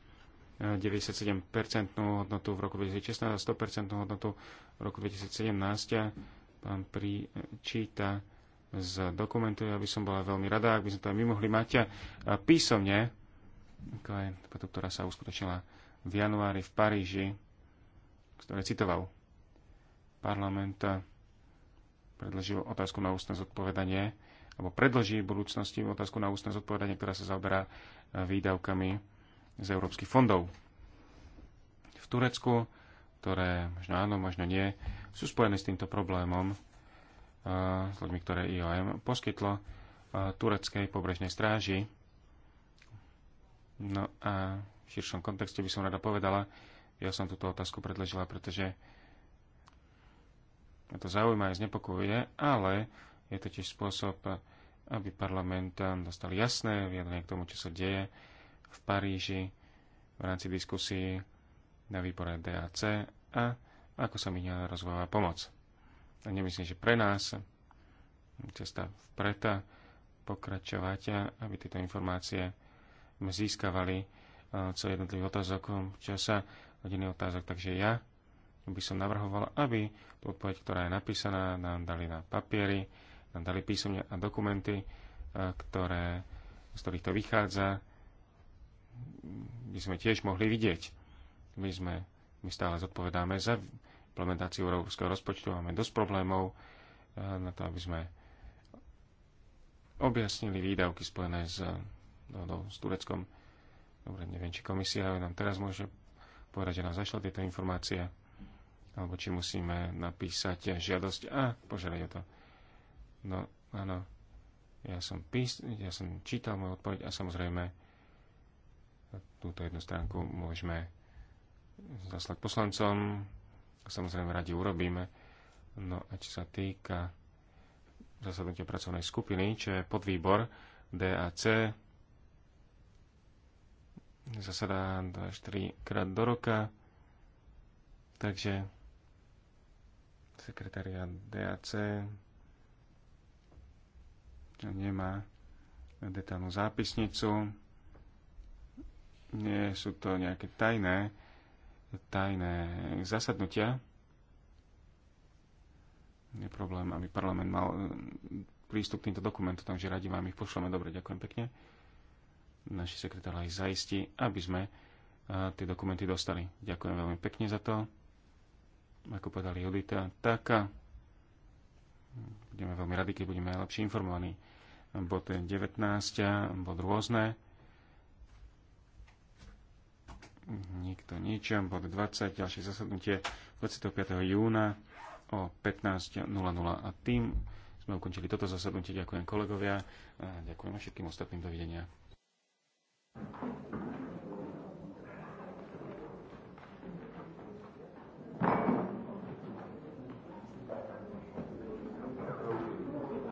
97-percentnú e, hodnotu v roku 2016 a 100 hodnotu v roku 2017. Pán pričíta z dokumentu. Ja by som bola veľmi rada, ak by sme to aj my mohli mať a písomne, táto, ktorá sa uskutočnila v januári v Paríži, ktoré citoval parlament predložil otázku na ústne zodpovedanie, alebo predloží v budúcnosti otázku na ústne zodpovedanie, ktorá sa zaoberá e, výdavkami z európskych fondov. V Turecku, ktoré možno áno, možno nie, sú spojené s týmto problémom, e, s ľuďmi, ktoré IOM poskytlo e, tureckej pobrežnej stráži. No a v širšom kontexte by som rada povedala, ja som túto otázku predložila, pretože to zaujíma aj znepokojuje, ale je to tiež spôsob, aby parlament dostal jasné vyjadrenie k tomu, čo sa deje v Paríži v rámci diskusí na výbore DAC a ako sa minia rozvojová pomoc. A nemyslím, že pre nás cesta vpreta, pokračovať, aby tieto informácie získavali eh, co jednotlivých otázok, čo sa hodiny otázok. Takže ja by som navrhoval, aby odpoveď, ktorá je napísaná, nám dali na papiery, nám dali písomne a dokumenty, e, ktoré, z ktorých to vychádza, by sme tiež mohli vidieť. My, sme, my stále zodpovedáme za implementáciu európskeho rozpočtu, máme dosť problémov e, na to, aby sme objasnili výdavky spojené s, e, dohodou s Tureckom. Dobre, neviem, či komisia nám teraz môže povedať, že nám zašla tieto informácie alebo či musíme napísať žiadosť a požiadať o to. No, áno, ja som, pís, ja som čítal moju odpoveď a samozrejme túto jednu stránku môžeme zaslať poslancom, samozrejme radi urobíme. No a čo sa týka zasadnutia pracovnej skupiny, čo je podvýbor DAC, zasadá 2-4 krát do roka, takže sekretária DAC nemá detálnu zápisnicu. Nie sú to nejaké tajné, tajné zasadnutia. Je problém, aby parlament mal e, prístup k týmto dokumentom, takže radi vám ich pošleme. Dobre, ďakujem pekne. Naši sekretár aj zaistí, aby sme e, tie dokumenty dostali. Ďakujem veľmi pekne za to ako povedal Judita, taká. budeme veľmi radi, keď budeme lepšie informovaní. Bod 19, bod rôzne, nikto nič, bod 20, ďalšie zasadnutie 25. júna o 15.00 a tým sme ukončili toto zasadnutie. Ďakujem kolegovia a ďakujem všetkým ostatným. Dovidenia.